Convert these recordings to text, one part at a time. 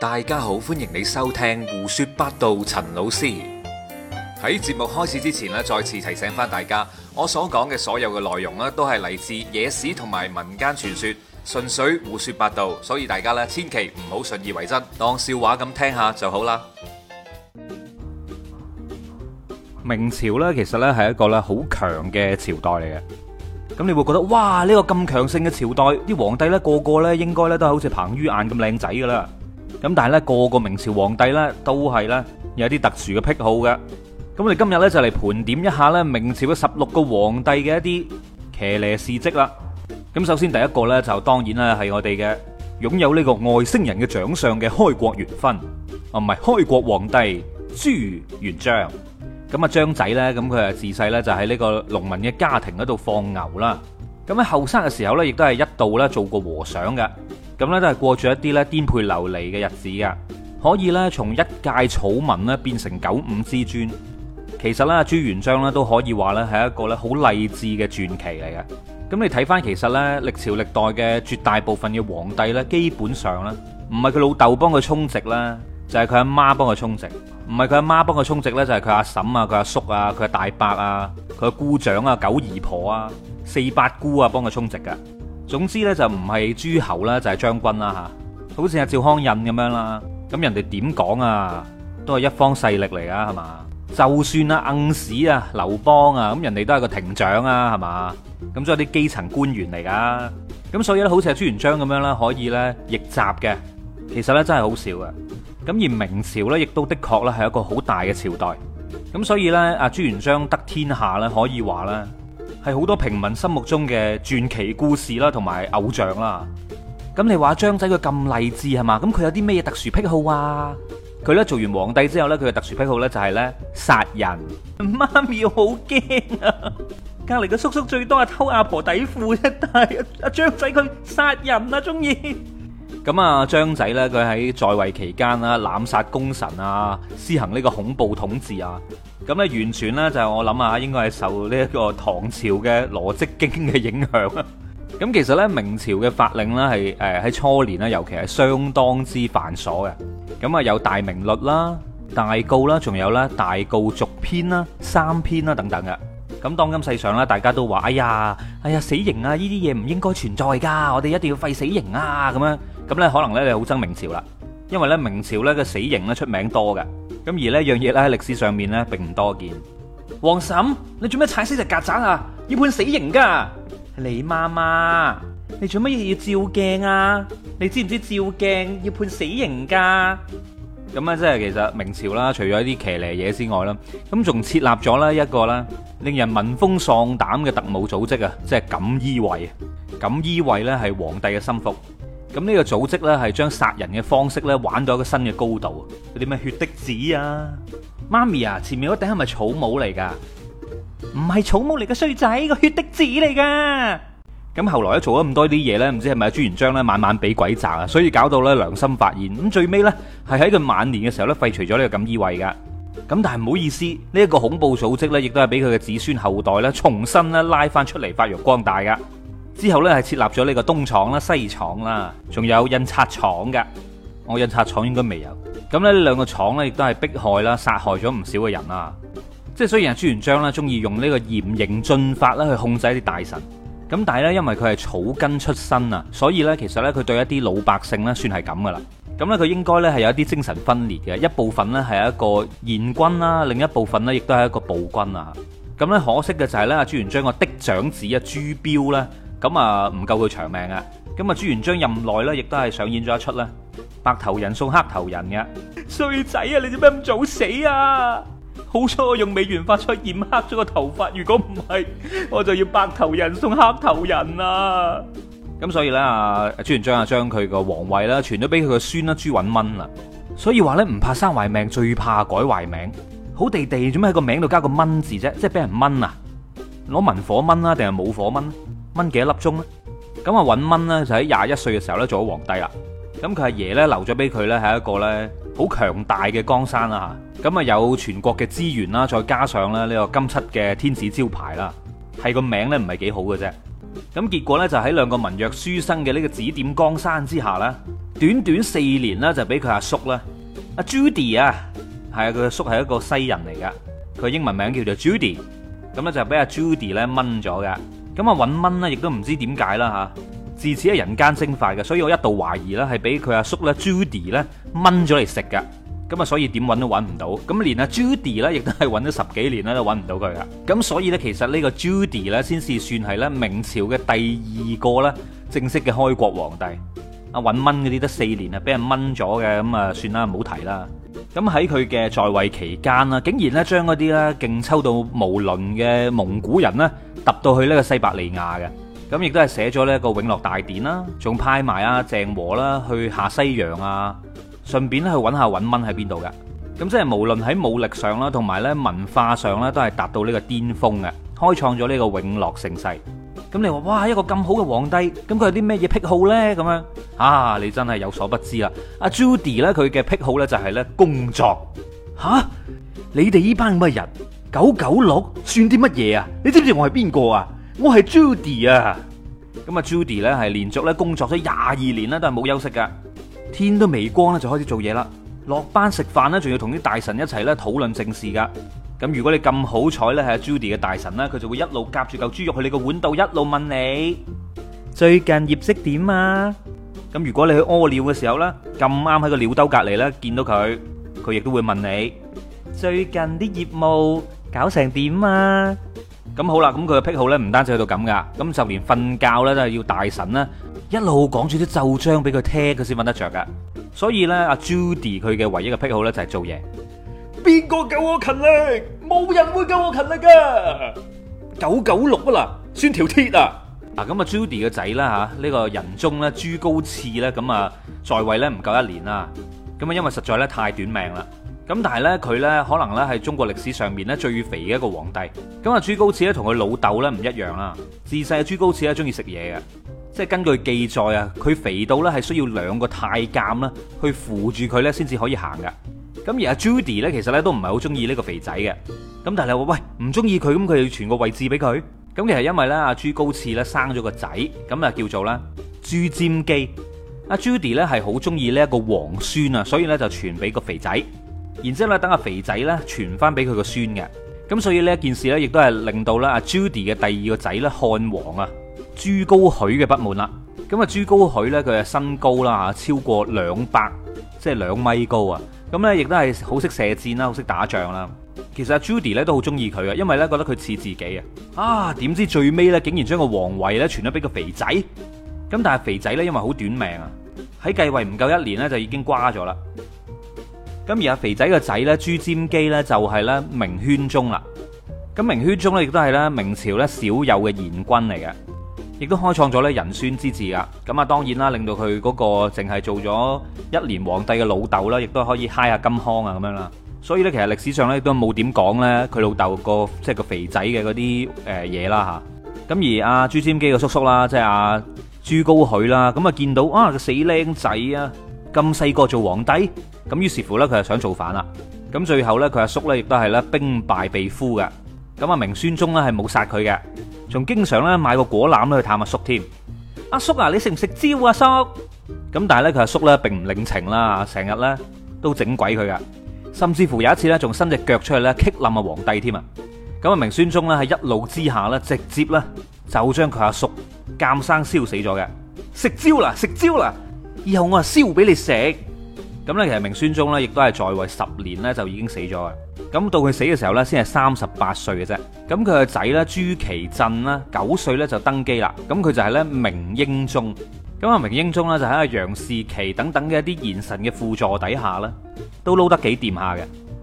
大家好，歡迎你收聽胡說八道。陳老師喺節目開始之前，再次提醒翻大家，我所講嘅所有嘅內容都係嚟自野史同埋民間傳說，純粹胡說八道，所以大家千祈唔好信以為真，當笑話咁聽下就好啦。明朝呢，其實咧係一個好強嘅朝代嚟嘅。咁你會覺得哇，呢個咁強盛嘅朝代，啲皇帝咧個個咧應該都係好似彭于晏咁靚仔噶啦。咁但係咧，個個明朝皇帝咧都係咧有啲特殊嘅癖好嘅。咁我哋今日咧就嚟盤點一下咧明朝嘅十六個皇帝嘅一啲騎呢事跡啦。咁首先第一個咧就當然啦係我哋嘅擁有呢個外星人嘅獎相嘅開國元勳，唔係開國皇帝朱元璋。咁啊張仔咧，咁佢啊自細咧就喺呢個農民嘅家庭嗰度放牛啦。咁喺後生嘅時候咧，亦都係一度咧做過和尚嘅。咁咧都係過住一啲咧顛沛流離嘅日子噶，可以咧從一介草民咧變成九五之尊。其實咧朱元璋咧都可以話咧係一個咧好勵志嘅傳奇嚟嘅。咁你睇翻其實咧歷朝歷代嘅絕大部分嘅皇帝咧，基本上咧唔係佢老豆幫佢充值啦，就係佢阿媽幫佢充值；唔係佢阿媽幫佢充值咧，就係、是、佢阿嬸啊、佢阿叔啊、佢阿大伯啊、佢阿姑丈啊、九姨婆啊、四八姑啊幫佢充值㗎。總之咧就唔係諸侯啦，就係將軍啦吓，好似阿趙匡胤咁樣啦。咁人哋點講啊？都係一方勢力嚟㗎，係嘛？就算啊，硬史啊，劉邦啊，咁人哋都係個亭長啊，係嘛？咁即係啲基層官員嚟噶。咁所以咧，好似係朱元璋咁樣啦，可以咧逆襲嘅。其實咧真係好少嘅。咁而明朝咧，亦都的確咧係一個好大嘅朝代。咁所以咧，阿朱元璋得天下咧，可以話咧。係好多平民心目中嘅傳奇故事啦，同埋偶像啦。咁你話張仔佢咁勵志係嘛？咁佢有啲咩特殊癖好啊？佢咧做完皇帝之後咧，佢嘅特殊癖好咧就係咧殺人。媽咪好驚啊！隔籬嘅叔叔最多係偷阿婆底褲啫，但係阿張仔佢殺人啊，鍾意。咁啊，張仔咧，佢喺在位期間啦，濫殺功臣啊，施行呢個恐怖統治啊，咁咧完全咧就係我諗下，應該係受呢一個唐朝嘅《羅織經》嘅影響啦。咁其實咧，明朝嘅法令咧係誒喺初年咧，尤其係相當之繁瑣嘅。咁啊，有《大明律》啦，《大誥》啦，仲有咧《大誥》續篇啦、三篇啦等等嘅。咁當今世上咧，大家都話：哎呀，哎呀，死刑啊，呢啲嘢唔應該存在噶，我哋一定要廢死刑啊，咁樣。咁咧，可能咧你好憎明朝啦，因為咧明朝咧嘅死刑咧出名多㗎。咁而呢樣嘢咧喺歷史上面咧並唔多見。王嬸，你做咩踩死隻曱甴啊？要判死刑噶。你媽媽，你做乜嘢要照鏡啊？你知唔知照鏡要判死刑噶？咁啊，即係其實明朝啦，除咗啲騎呢嘢之外啦，咁仲設立咗啦一個啦，令人聞風喪膽嘅特務組織啊，即係錦衣衛。錦衣衛咧係皇帝嘅心腹。咁、這、呢個組織咧係將殺人嘅方式咧玩到一個新嘅高度，嗰啲咩血滴子啊，媽咪啊，前面嗰頂係咪草帽嚟噶？唔係草帽嚟嘅，衰仔，個血滴子嚟噶。咁後來咧做咗咁多啲嘢咧，唔知係咪朱元璋咧晚晚俾鬼責啊，所以搞到咧良心發現，咁最尾咧係喺佢晚年嘅時候咧廢除咗呢個錦衣衛噶。咁但係唔好意思，呢、這、一個恐怖組織咧亦都係俾佢嘅子孫後代咧重新咧拉翻出嚟發揚光大噶。之後呢係設立咗呢個東廠啦、西廠啦，仲有印刷廠㗎。我、哦、印刷廠應該未有咁。呢兩個廠呢，亦都係迫害啦、殺害咗唔少嘅人啦。即係雖然朱元璋呢中意用呢個嚴刑峻法咧去控制啲大臣，咁但係呢，因為佢係草根出身啊，所以呢，其實呢，佢對一啲老百姓呢算係咁噶啦。咁呢，佢應該呢係有一啲精神分裂嘅，一部分呢，係一個賢君啦，另一部分呢亦都係一個暴君啊。咁呢，可惜嘅就係呢，朱元璋個嫡長子啊朱標呢。咁啊，唔夠佢長命啊！咁啊，朱元璋任內咧，亦都係上演咗一出咧，白頭人送黑頭人嘅衰仔啊！你做咩咁早死啊？好彩我用美源髮采染黑咗個頭髮，如果唔係，我就要白頭人送黑頭人啦！咁所以咧啊，朱元璋啊，將佢個皇位啦，傳咗俾佢個孫啦朱允炆啦。所以話咧，唔怕生壞命，最怕改壞名。好地地，做咩喺個名度加個炆字啫？即係俾人炆啊？攞文火炆啦，定係武火炆？蚊幾粒鐘咧？咁啊，允炆咧就喺廿一歲嘅時候咧做咗皇帝啦。咁佢阿爺咧留咗俾佢咧係一個咧好強大嘅江山啦吓。咁啊有全國嘅資源啦，再加上咧呢個金漆嘅天子招牌啦，係個名咧唔係幾好嘅啫。咁結果咧就喺兩個文弱書生嘅呢個指點江山之下啦，短短四年啦就俾佢阿叔啦阿朱迪啊，係啊佢阿叔係一個西人嚟噶，佢英文名叫做 Judy，咁咧就俾阿 Judy 咧炆咗噶。咁啊，尹蚊咧，亦都唔知點解啦吓，自此係人間蒸快嘅，所以我一度懷疑啦，係俾佢阿叔咧 d y 咧掹咗嚟食㗎。咁啊，所以點揾都揾唔到。咁連阿朱 y 咧，亦都係揾咗十幾年咧都揾唔到佢㗎。咁所以咧，其實呢個朱 y 咧，先至算係咧明朝嘅第二個咧正式嘅開國皇帝。啊，尹蚊嗰啲得四年啊，俾人掹咗嘅，咁啊算啦，唔好提啦。咁喺佢嘅在位期間啦，竟然咧將嗰啲咧勁抽到無倫嘅蒙古人咧，揼到去呢個西伯利亞嘅，咁亦都係寫咗呢一個永樂大典啦，仲派埋啊鄭和啦去下西洋啊，順便咧去揾下揾蚊喺邊度嘅，咁即係無論喺武力上啦，同埋咧文化上咧，都係達到呢個巔峯嘅，開創咗呢個永樂盛世。咁你話哇，一個咁好嘅皇帝，咁佢有啲咩嘢癖好咧？咁樣啊，你真係有所不知啦。阿 Judy 咧，佢嘅癖好咧就係咧工作。吓，你哋呢班乜人？九九六算啲乜嘢啊？你，你知唔知我係邊個啊？我係 Judy 啊。咁啊 Judy 咧係連續咧工作咗廿二年咧都係冇休息噶，天都未光咧就開始做嘢啦，落班食飯咧仲要同啲大臣一齊咧討論政事噶。咁如果你咁好彩咧，係阿 Judy 嘅大神啦，佢就會一路夾住嚿豬肉去你個碗度，一路問你最近業績點啊？咁如果你去屙尿嘅時候咧，咁啱喺個尿兜隔籬咧見到佢，佢亦都會問你最近啲業務搞成點啊？咁好啦，咁佢嘅癖好咧唔單止去到咁噶，咁就連瞓覺咧都係要大神啦，一路講住啲奏章俾佢聽，佢先瞓得着噶。所以咧，阿 Judy 佢嘅唯一嘅癖好咧就係做嘢。邊個夠我勤力？冇人會夠我勤力噶。九九六啊啦，算條鐵啊！嗱咁啊，朱棣嘅仔啦吓，呢、這個仁宗咧朱高熾咧咁啊，在位咧唔夠一年啦。咁啊，因為實在咧太短命啦。咁但係咧，佢咧可能咧係中國歷史上面咧最肥嘅一個皇帝。咁啊，朱高熾咧同佢老豆咧唔一樣啦。自細啊，朱高熾咧中意食嘢嘅，即係根據記載啊，佢肥到咧係需要兩個太監啦去扶住佢咧先至可以行噶。咁而阿 Judy 咧，其實咧都唔係好中意呢個肥仔嘅。咁但係你話喂唔中意佢，咁佢要傳個位置俾佢。咁其實因為咧，阿朱高熾咧生咗個仔，咁啊叫做咧朱瞻基。阿 Judy 咧係好中意呢一個皇孫啊，所以咧就傳俾個肥仔，然之後咧等阿肥仔咧傳翻俾佢個孫嘅。咁所以呢一件事咧，亦都係令到咧阿 Judy 嘅第二個仔咧漢王啊朱高煦嘅不滿啦。咁啊朱高煦咧佢嘅身高啦吓超過兩百，即係兩米高啊！咁咧亦都係好識射箭啦，好識打仗啦。其實阿 Judy 咧都好中意佢啊，因為咧覺得佢似自己啊。啊，點知最尾咧竟然將個皇位咧傳咗俾個肥仔。咁但係肥仔咧因為好短命啊，喺繼位唔夠一年咧就已經瓜咗啦。咁而阿肥仔個仔咧朱瞻基咧就係、是、咧明宣宗啦。咁明宣宗咧亦都係咧明朝咧少有嘅賢君嚟嘅。亦都開創咗咧仁宣之治啊！咁啊當然啦，令到佢嗰個淨係做咗一年皇帝嘅老豆啦，亦都可以嗨下金康啊咁樣啦。所以咧，其實歷史上咧都冇點講咧佢老豆個即係個肥仔嘅嗰啲誒嘢啦吓，咁而阿、啊、朱瞻基嘅叔叔啦，即係阿、啊、朱高煦啦，咁啊見到啊個死僆仔啊咁細個做皇帝，咁於是乎咧佢就想造反啦。咁最後咧佢阿叔咧亦都係咧兵敗被俘嘅。咁啊，明宣宗咧係冇殺佢嘅，仲經常咧買個果籃去探阿叔添。阿叔啊，你食唔食蕉啊？叔咁，但係咧佢阿叔咧並唔領情啦，成日咧都整鬼佢噶，甚至乎有一次咧仲伸隻腳出去咧棘冧阿皇帝添啊！咁啊，明宣宗咧係一怒之下咧直接咧就將佢阿叔監生燒死咗嘅，食蕉啦，食蕉啦，以後我啊燒俾你食。咁咧其實明宣宗咧亦都係在位十年咧就已經死咗嘅。咁到佢死嘅時候呢，先係三十八歲嘅啫。咁佢個仔呢，朱祁鎮啦，九歲呢就登基啦。咁佢就係呢明英宗。咁啊，明英宗呢，就喺阿楊士奇等等嘅一啲賢臣嘅輔助底下呢，都撈得幾掂下嘅。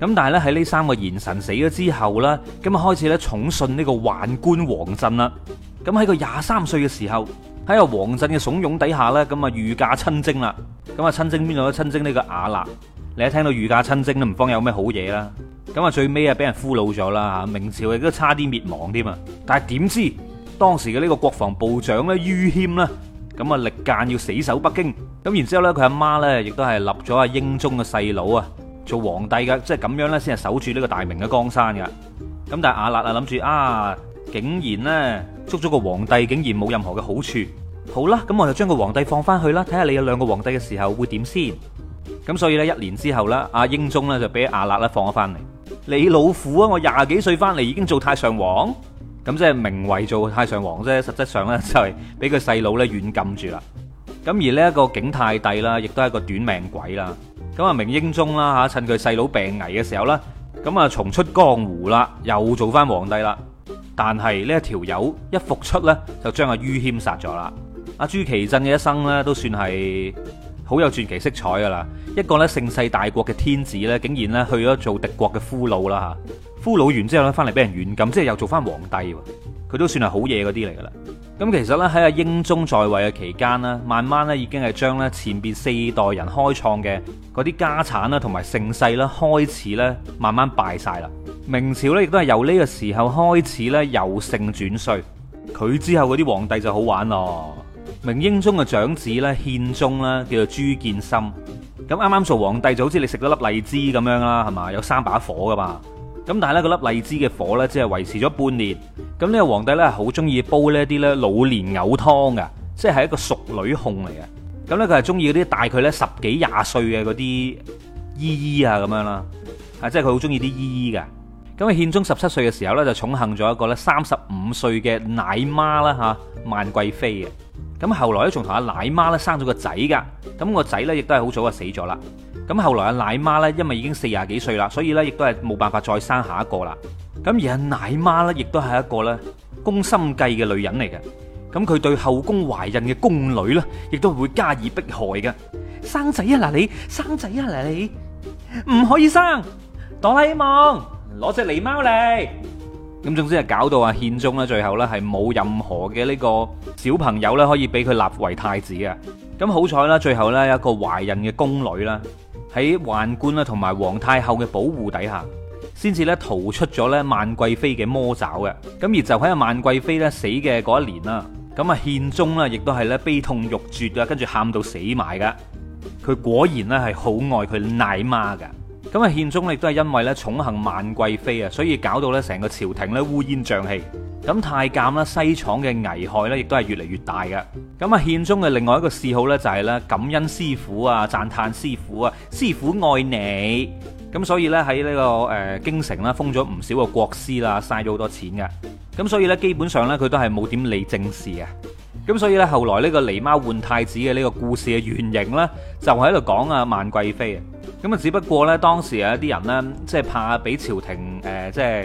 咁但係呢，喺呢三個賢臣死咗之後呢，咁啊開始呢寵信呢個宦官王振啦。咁喺佢廿三歲嘅時候，喺阿王振嘅慫恿底下呢，咁啊御駕親征啦。咁啊親征邊度都親征呢個瓦剌。你一聽到御駕親征都唔方有咩好嘢啦。咁啊，最尾啊，俾人俘虜咗啦，明朝亦都差啲滅亡添啊。但係點知當時嘅呢個國防部長咧，于謙啦，咁啊力諫要死守北京。咁然之後咧，佢阿媽咧，亦都係立咗阿英宗嘅細佬啊，做皇帝㗎。即係咁樣咧，先係守住呢個大明嘅江山噶。咁但係阿立啊諗住啊，竟然咧捉咗個皇帝，竟然冇任何嘅好處。好啦，咁我就將個皇帝放翻去啦，睇下你有兩個皇帝嘅時候會點先。咁所以呢，一年之後咧，阿英宗咧就俾阿立咧放咗翻嚟。你老虎啊！我廿幾歲翻嚟已經做太上皇，咁即係名為做太上皇啫，實質上呢，就係俾佢細佬呢軟禁住啦。咁而呢一個景泰帝啦，亦都係一個短命鬼啦。咁啊明英宗啦吓，趁佢細佬病危嘅時候啦，咁啊重出江湖啦，又做翻皇帝啦。但係呢一條友一復出呢，就將阿于謙殺咗啦。阿朱祁鎮嘅一生呢，都算係好有傳奇色彩噶啦，一個咧盛世大國嘅天子咧，竟然咧去咗做敵國嘅俘虜啦嚇，俘虜完之後咧，翻嚟俾人軟禁，之後又做翻皇帝，佢都算係好嘢嗰啲嚟噶啦。咁其實咧喺阿英宗在位嘅期間呢，慢慢咧已經係將咧前邊四代人開創嘅嗰啲家產啦，同埋盛世啦，開始咧慢慢敗晒啦。明朝咧亦都係由呢個時候開始咧由盛轉衰，佢之後嗰啲皇帝就好玩咯。明英宗嘅長子咧，憲宗咧，叫做朱見深。咁啱啱做皇帝就好似你食咗粒荔枝咁樣啦，係嘛？有三把火噶嘛。咁但係咧，嗰粒荔枝嘅火咧，只係維持咗半年。咁呢個皇帝咧，好中意煲呢一啲咧老蓮藕湯噶，即係一個熟女控嚟嘅。咁咧，佢係中意嗰啲大佢咧十幾廿歲嘅嗰啲姨姨啊，咁樣啦，啊，即係佢好中意啲姨姨嘅。咁啊，憲宗十七歲嘅時候咧，就寵幸咗一個咧三十五歲嘅奶媽啦，吓萬貴妃嘅。咁後來咧，仲同阿奶媽咧生咗個仔噶，咁個仔咧亦都係好早就死咗啦。咁後來阿奶媽咧，因為已經四廿幾歲啦，所以咧亦都係冇辦法再生下一個啦。咁而阿奶媽咧，亦都係一個咧宮心計嘅女人嚟嘅。咁佢對後宮懷孕嘅宮女咧，亦都會加以迫害㗎。生仔啊，嗱，你生仔啊，嚟，唔可以生哆啦 A 夢，攞隻狸貓嚟。咁總之係搞到阿憲宗咧，最後咧係冇任何嘅呢個小朋友咧，可以俾佢立為太子嘅。咁好彩啦，最後咧一個懷孕嘅宮女啦,喺宦官啦同埋皇太后嘅保護底下，先至咧逃出咗咧萬貴妃嘅魔爪嘅。咁而就喺萬貴妃咧死嘅嗰一年啦，咁啊憲宗呢，亦都係咧悲痛欲絕噶，跟住喊到死埋噶。佢果然咧係好愛佢奶媽噶。咁啊，憲宗亦都係因為咧寵幸萬貴妃啊，所以搞到咧成個朝廷咧烏煙瘴氣。咁太監啦、西廠嘅危害咧，亦都係越嚟越大嘅。咁啊，憲宗嘅另外一個嗜好咧就係咧感恩師傅啊、讚嘆師傅啊、師傅愛你。咁所以咧喺呢個誒京城啦，封咗唔少個國師啦，嘥咗好多錢嘅。咁所以咧，基本上咧佢都係冇點理政事啊。咁所以咧，後來呢個狸貓換太子嘅呢個故事嘅原型咧，就喺度講啊萬貴妃啊。咁啊，只不過呢當時有一啲人呢，即係怕俾朝廷誒、呃，即係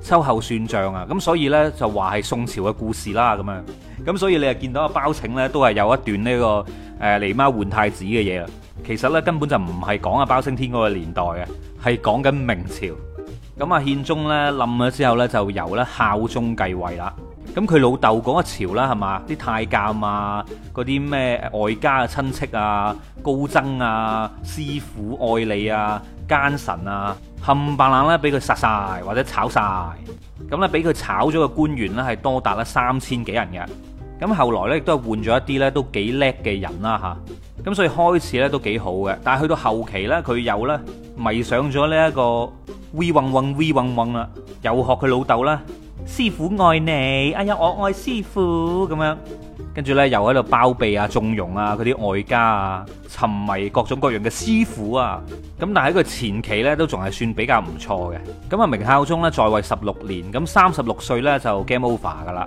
秋後算賬啊，咁所以呢，就話係宋朝嘅故事啦，咁樣，咁所以你又見到阿包拯呢，都係有一段呢、這個誒狸貓換太子嘅嘢。其實呢，根本就唔係講阿包青天嗰個年代嘅，係講緊明朝。咁阿憲宗呢，冧咗之後呢，就由孝宗繼位啦。咁佢老豆嗰一朝啦，係嘛？啲太監啊，嗰啲咩外家嘅親戚啊、高僧啊、師傅、愛你啊、奸臣啊，冚唪唥咧俾佢殺晒或者炒晒。咁咧俾佢炒咗嘅官員咧係多達啦三千幾人嘅。咁後來咧亦都係換咗一啲咧都幾叻嘅人啦吓。咁所以開始咧都幾好嘅，但係去到後期咧佢又咧迷上咗呢一個 we 混混 we 混混啦，又學佢老豆啦。師傅愛你，哎呀我愛師傅咁樣，跟住呢又喺度包庇啊、縱容啊佢啲外家啊，沉迷各種各樣嘅師傅啊，咁但係佢前期呢都仲係算比較唔錯嘅，咁啊明孝宗呢在位十六年，咁三十六歲呢就 game over 噶啦，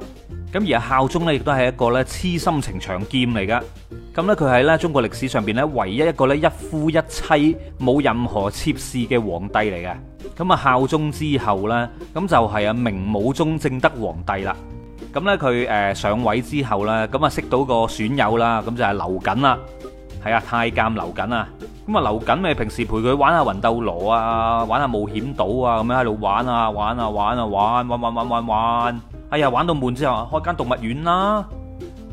咁而孝宗呢亦都係一個呢痴心情長劍嚟噶。咁咧佢係咧中國歷史上邊咧唯一一個咧一夫一妻冇任何妾侍嘅皇帝嚟嘅。咁啊孝宗之後咧，咁就係啊明武宗正德皇帝啦。咁咧佢誒上位之後咧，咁啊識到個損友啦，咁就係劉瑾啦。係啊，太監劉瑾啊。咁啊劉瑾咪平時陪佢玩下魂斗羅啊，玩下冒險島啊，咁樣喺度玩啊玩啊玩啊玩，玩玩玩玩玩。哎呀，玩到悶之後啊，開間動物園啦。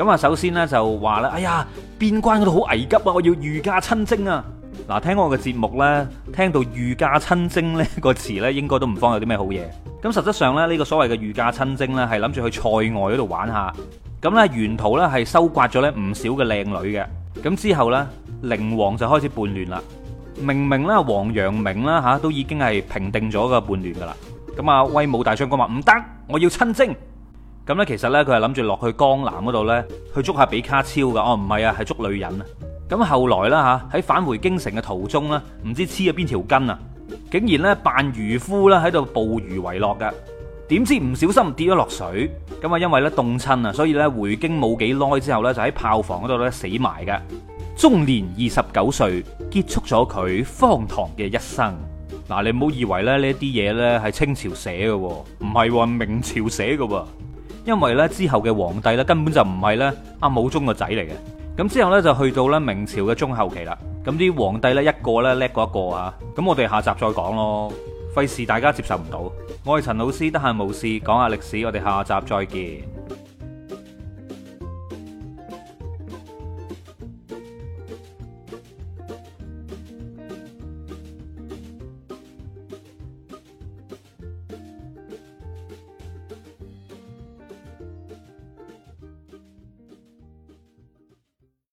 咁啊，首先咧就話啦，哎呀，邊關嗰度好危急啊，我要御駕親征啊！嗱，聽我嘅節目咧，聽到御駕親征呢個詞咧，應該都唔方有啲咩好嘢。咁實質上咧，呢個所謂嘅御駕親征咧，係諗住去塞外嗰度玩下。咁咧，沿途咧係收刮咗咧唔少嘅靚女嘅。咁之後咧，寧王就開始叛亂啦。明明咧，王陽明啦吓都已經係平定咗個叛亂噶啦。咁啊，威武大將軍話唔得，我要親征。咁咧，其實咧，佢係諗住落去江南嗰度咧，去捉下比卡超噶。哦，唔係啊，係捉女人啊。咁後來啦嚇，喺返回京城嘅途中咧，唔知黐咗邊條筋啊，竟然咧扮漁夫咧喺度捕魚為樂㗎。點知唔小心跌咗落水，咁啊，因為咧凍親啊，所以咧回京冇幾耐之後咧，就喺炮房嗰度咧死埋㗎。終年二十九歲，結束咗佢荒唐嘅一生。嗱，你唔好以為咧呢啲嘢咧係清朝寫嘅喎，唔係話明朝寫嘅喎。因為呢之後嘅皇帝呢根本就唔係呢阿武宗個仔嚟嘅，咁之後呢，就去到呢明朝嘅中後期啦。咁啲皇帝呢一個呢叻過一個啊！咁我哋下集再講咯，費事大家接受唔到。我係陳老師，得閒無事講下歷史，我哋下集再見。